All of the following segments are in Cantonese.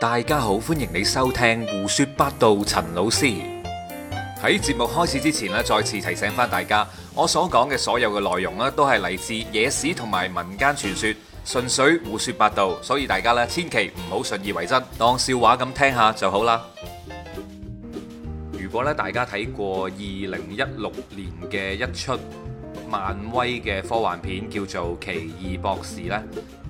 大家好，歡迎你收聽胡說八道。陳老師喺節目開始之前咧，再次提醒返大家，我所講嘅所有嘅內容咧，都係嚟自野史同埋民間傳說，純粹胡說八道，所以大家咧千祈唔好信以為真，當笑話咁聽下就好啦。如果咧大家睇過二零一六年嘅一出漫威嘅科幻片叫做《奇異博士》咧？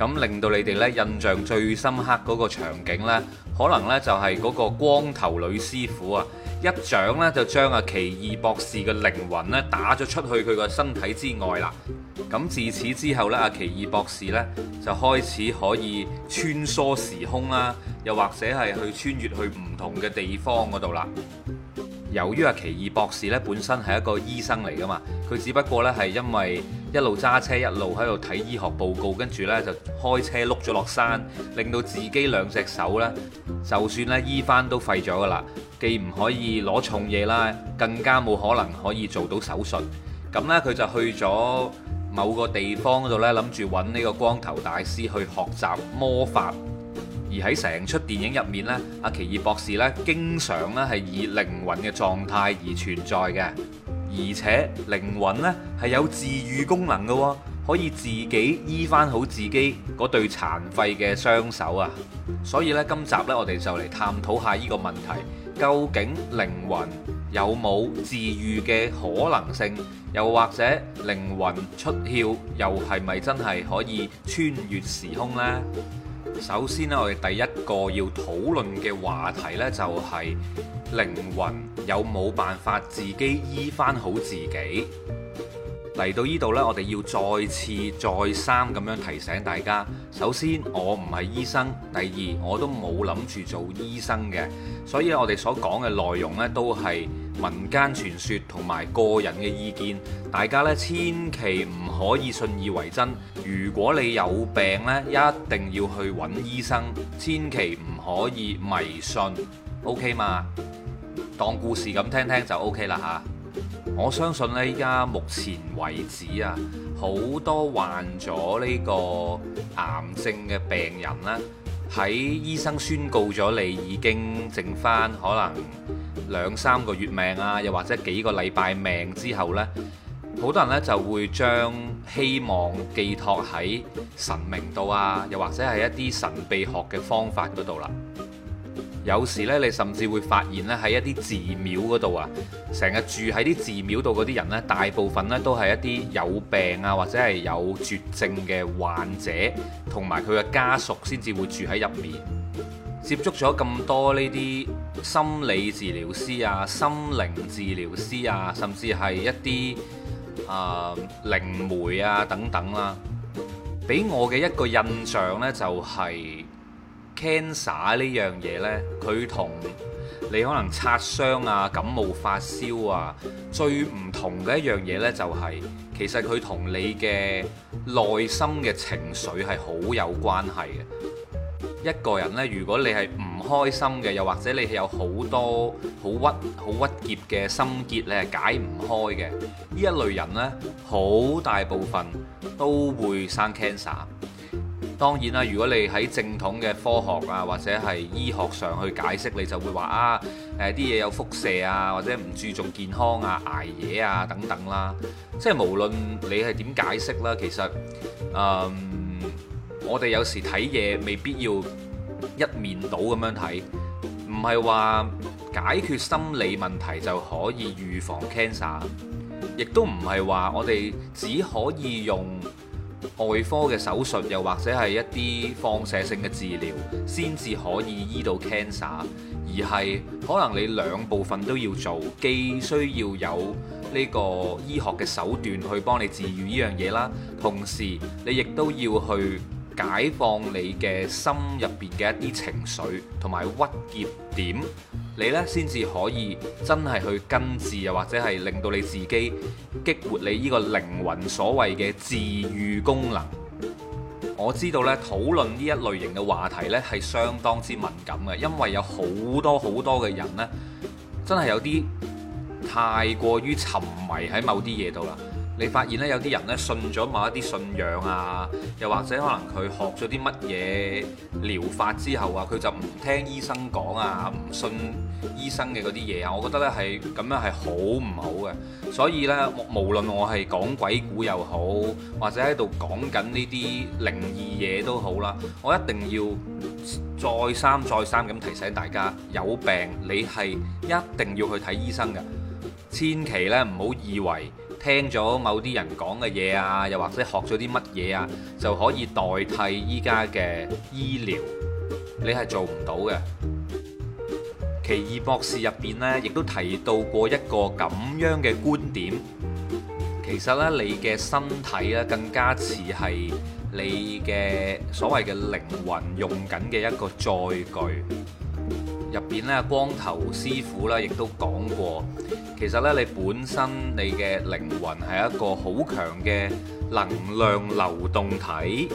咁令到你哋呢印象最深刻嗰個場景呢，可能呢就係嗰個光頭女師傅啊，一掌呢就將阿奇異博士嘅靈魂呢打咗出去佢個身體之外啦。咁自此之後呢，阿奇異博士呢就開始可以穿梭時空啦，又或者係去穿越去唔同嘅地方嗰度啦。由於阿奇異博士呢本身係一個醫生嚟噶嘛，佢只不過呢係因為，一路揸車一路喺度睇醫學報告，跟住呢就開車碌咗落山，令到自己兩隻手呢就算呢醫翻都廢咗噶啦，既唔可以攞重嘢啦，更加冇可能可以做到手術。咁呢，佢就去咗某個地方度呢，諗住揾呢個光頭大師去學習魔法。而喺成出電影入面呢，阿、啊、奇異博士呢經常呢係以靈魂嘅狀態而存在嘅。而且靈魂呢係有自愈功能嘅喎，可以自己醫翻好自己嗰對殘廢嘅雙手啊！所以呢，今集呢我哋就嚟探討下呢個問題，究竟靈魂有冇自愈嘅可能性？又或者靈魂出竅，又係咪真係可以穿越時空呢？首先咧，我哋第一個要討論嘅話題呢，就係，就係靈魂有冇辦法自己醫翻好自己。嚟到呢度呢，我哋要再次再三咁樣提醒大家，首先我唔係醫生，第二我都冇諗住做醫生嘅，所以我哋所講嘅內容呢，都係民間傳說同埋個人嘅意見，大家咧，千祈唔可以信以為真。如果你有病咧，一定要去揾醫生，千祈唔可以迷信。OK 嘛，當故事咁聽聽就 OK 啦嚇、啊。我相信呢依家目前為止啊，好多患咗呢個癌症嘅病人咧，喺醫生宣告咗你已經剩翻可能，兩三個月命啊，又或者幾個禮拜命之後呢，好多人呢就會將希望寄託喺神明度啊，又或者係一啲神秘學嘅方法嗰度啦。有時呢，你甚至會發現呢，喺一啲寺廟嗰度啊，成日住喺啲寺廟度嗰啲人呢，大部分呢都係一啲有病啊，或者係有絕症嘅患者，同埋佢嘅家屬先至會住喺入面。接觸咗咁多呢啲心理治療師啊、心靈治療師啊，甚至係一啲、呃、啊靈媒啊等等啦，啊，俾我嘅一個印象呢，就係 cancer 呢樣嘢呢，佢同你可能擦傷啊、感冒發燒啊，最唔同嘅一樣嘢呢，就係、係、其實佢同你嘅內心嘅情緒係好有關係嘅。一個人呢，如果你係唔開心嘅，又或者你係有好多好鬱好鬱結嘅心結，你係解唔開嘅，呢一類人呢，好大部分都會生 cancer。當然啦，如果你喺正統嘅科學啊，或者係醫學上去解釋，你就會話啊，誒啲嘢有輻射啊，或者唔注重健康啊，捱夜啊等等啦。即係無論你係點解釋啦，其實誒。我哋有時睇嘢，未必要一面倒咁樣睇，唔係話解決心理問題就可以預防 cancer，亦都唔係話我哋只可以用外科嘅手術，又或者係一啲放射性嘅治療先至可以醫到 cancer，而係可能你兩部分都要做，既需要有呢個醫學嘅手段去幫你治癒呢樣嘢啦，同時你亦都要去。解放你嘅心入邊嘅一啲情緒同埋鬱結點，你呢先至可以真係去根治，又或者係令到你自己激活你呢個靈魂所謂嘅自愈功能。我知道呢，討論呢一類型嘅話題呢係相當之敏感嘅，因為有好多好多嘅人呢，真係有啲太過於沉迷喺某啲嘢度啦。你發現咧，有啲人咧信咗某一啲信仰啊，又或者可能佢學咗啲乜嘢療法之後，啊，佢就唔聽醫生講啊，唔信醫生嘅嗰啲嘢啊。我覺得咧係咁樣係好唔好嘅，所以咧無論我係講鬼故又好，或者喺度講緊呢啲靈異嘢都好啦，我一定要再三再三咁提醒大家，有病你係一定要去睇醫生嘅，千祈咧唔好以為。聽咗某啲人講嘅嘢啊，又或者學咗啲乜嘢啊，就可以代替依家嘅醫療，你係做唔到嘅。奇異博士入邊呢，亦都提到過一個咁樣嘅觀點。其實呢，你嘅身體咧更加似係你嘅所謂嘅靈魂用緊嘅一個載具。入邊咧，面光頭師傅咧，亦都講過，其實咧，你本身你嘅靈魂係一個好強嘅能量流動體。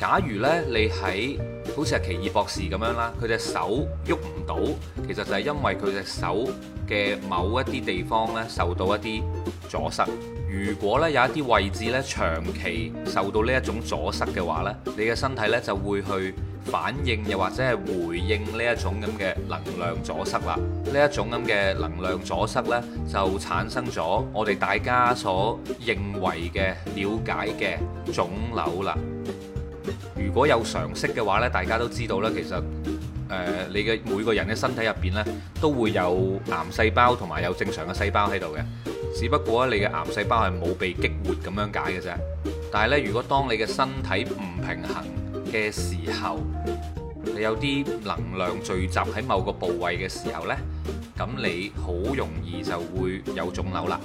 假如咧，你喺好似係奇異博士咁樣啦，佢隻手喐唔到，其實就係因為佢隻手嘅某一啲地方咧，受到一啲阻塞。如果咧有一啲位置咧長期受到呢一種阻塞嘅話咧，你嘅身體咧就會去。反應又或者係回應呢一種咁嘅能量阻塞啦，呢一種咁嘅能量阻塞咧，就產生咗我哋大家所認為嘅了解嘅腫瘤啦。如果有常識嘅話咧，大家都知道咧，其實誒你嘅每個人嘅身體入邊咧都會有癌細胞同埋有正常嘅細胞喺度嘅，只不過咧你嘅癌細胞係冇被激活咁樣解嘅啫。但係咧，如果當你嘅身體唔平衡，嘅時候，你有啲能量聚集喺某個部位嘅時候呢，咁你好容易就會有腫瘤啦。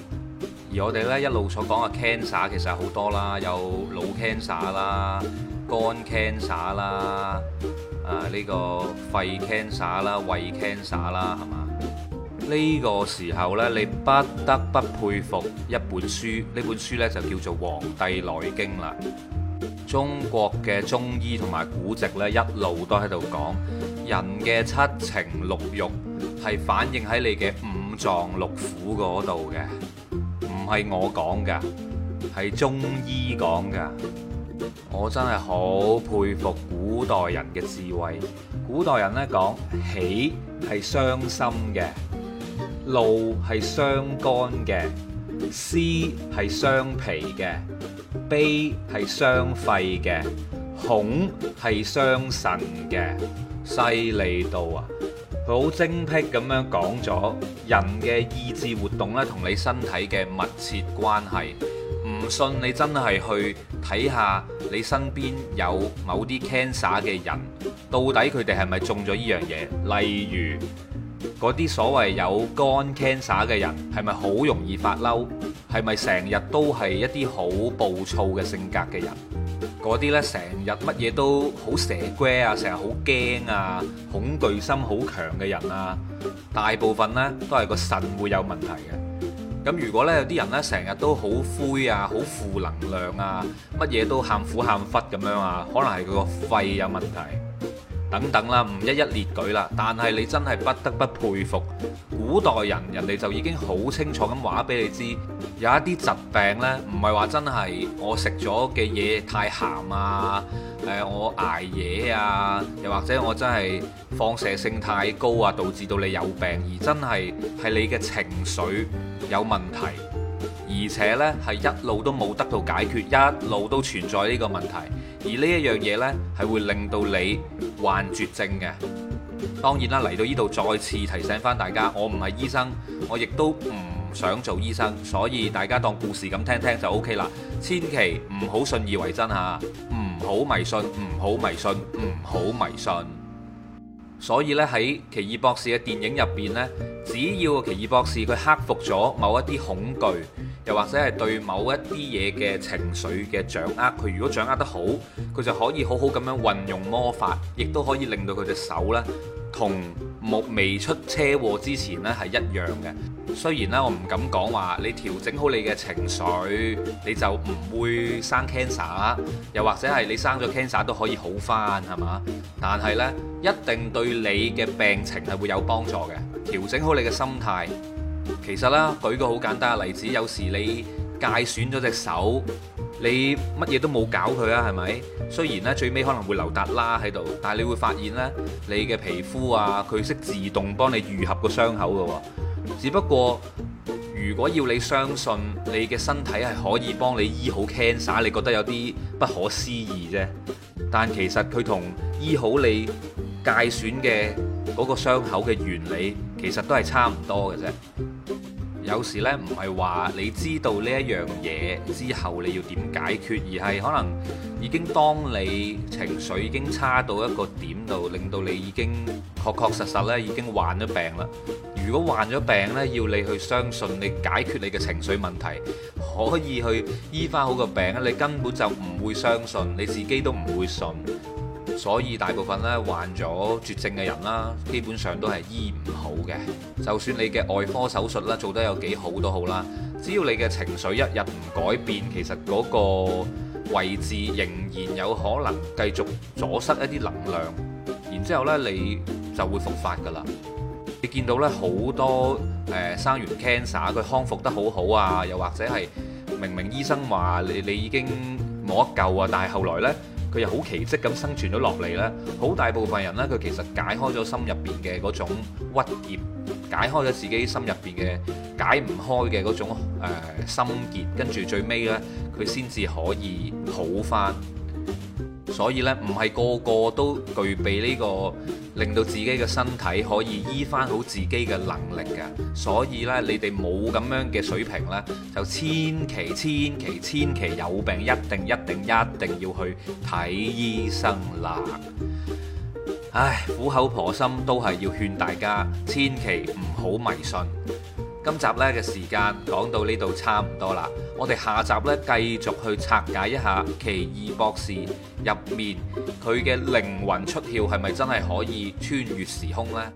而我哋呢一路所講嘅 cancer 其實好多啦，有腦 cancer 啦、肝 cancer 啦、啊呢個肺 cancer 啦、胃 cancer 啦，係嘛？呢個時候呢，你不得不佩服一本書，呢本書呢，就叫做《黃帝內經》啦。中國嘅中醫同埋古籍呢，一路都喺度講人嘅七情六欲係反映喺你嘅五臟六腑嗰度嘅，唔係我講噶，係中醫講噶。我真係好佩服古代人嘅智慧。古代人呢，講，喜係傷心嘅，怒係傷肝嘅，思係傷脾嘅。悲係傷肺嘅，恐係傷腎嘅，犀利到啊！佢好精闢咁樣講咗，人嘅意志活動咧同你身體嘅密切關係。唔信你真係去睇下你身邊有某啲 cancer 嘅人，到底佢哋係咪中咗依樣嘢？例如嗰啲所謂有肝 cancer 嘅人，係咪好容易發嬲？係咪成日都係一啲好暴躁嘅性格嘅人？嗰啲呢，成日乜嘢都好蛇龜啊，成日好驚啊，恐懼心好強嘅人啊，大部分呢，都係個腎會有問題嘅。咁如果呢，有啲人呢，成日都好灰啊，好負能量啊，乜嘢都喊苦喊忽咁樣啊，可能係佢個肺有問題。等等啦，唔一一列舉啦。但係你真係不得不佩服古代人，人哋就已經好清楚咁話俾你知，有一啲疾病呢，唔係話真係我食咗嘅嘢太鹹啊，誒、呃、我捱嘢啊，又或者我真係放射性太高啊，導致到你有病，而真係係你嘅情緒有問題，而且呢，係一路都冇得到解決，一路都存在呢個問題。而呢一樣嘢呢，係會令到你患絕症嘅。當然啦，嚟到呢度再次提醒返大家，我唔係醫生，我亦都唔想做醫生，所以大家當故事咁聽聽就 OK 啦。千祈唔好信以為真吓，唔好迷信，唔好迷信，唔好迷信。所以呢，喺奇異博士嘅電影入邊呢，只要奇異博士佢克服咗某一啲恐懼，又或者係對某一啲嘢嘅情緒嘅掌握，佢如果掌握得好，佢就可以好好咁樣運用魔法，亦都可以令到佢隻手呢，同目未出車禍之前呢係一樣嘅。雖然呢我唔敢講話，你調整好你嘅情緒，你就唔會生 cancer，又或者係你生咗 cancer 都可以好返，係咪？但係呢，一定對你嘅病情係會有幫助嘅。調整好你嘅心態。其實咧，舉個好簡單嘅例子，有時你界損咗隻手，你乜嘢都冇搞佢啊，係咪？雖然咧，最尾可能會留達拉喺度，但係你會發現呢，你嘅皮膚啊，佢識自動幫你愈合個傷口㗎喎。只不過，如果要你相信你嘅身體係可以幫你醫好 cancer，你覺得有啲不可思議啫。但其實佢同醫好你界損嘅嗰個傷口嘅原理其實都係差唔多嘅啫。有時咧唔係話你知道呢一樣嘢之後你要點解決，而係可能已經當你情緒已經差到一個點度，令到你已經確確實實咧已經患咗病啦。如果患咗病呢，要你去相信你解決你嘅情緒問題可以去醫返好個病咧，你根本就唔會相信，你自己都唔會信。所以大部分咧患咗絕症嘅人啦，基本上都係醫唔好嘅。就算你嘅外科手術啦做得有幾好都好啦，只要你嘅情緒一日唔改變，其實嗰個位置仍然有可能繼續阻塞一啲能量，然之後呢你就會復發㗎啦。你見到咧好多誒、呃、生完 cancer 佢康復得好好啊，又或者係明明醫生話你你已經冇得救啊，但係後來呢，佢又好奇蹟咁生存咗落嚟咧，好大部分人咧，佢其實解開咗心入邊嘅嗰種鬱結，解開咗自己心入邊嘅解唔開嘅嗰種、呃、心結，跟住最尾呢，佢先至可以好返。所以咧，唔係個個都具備呢個令到自己嘅身體可以醫翻好自己嘅能力嘅。所以咧，你哋冇咁樣嘅水平咧，就千祈千祈千祈有病一定一定一定要去睇醫生啦。唉，苦口婆心都係要勸大家，千祈唔好迷信。今集呢嘅時間講到呢度差唔多啦，我哋下集呢繼續去拆解一下《奇異博士》入面佢嘅靈魂出竅係咪真係可以穿越時空呢？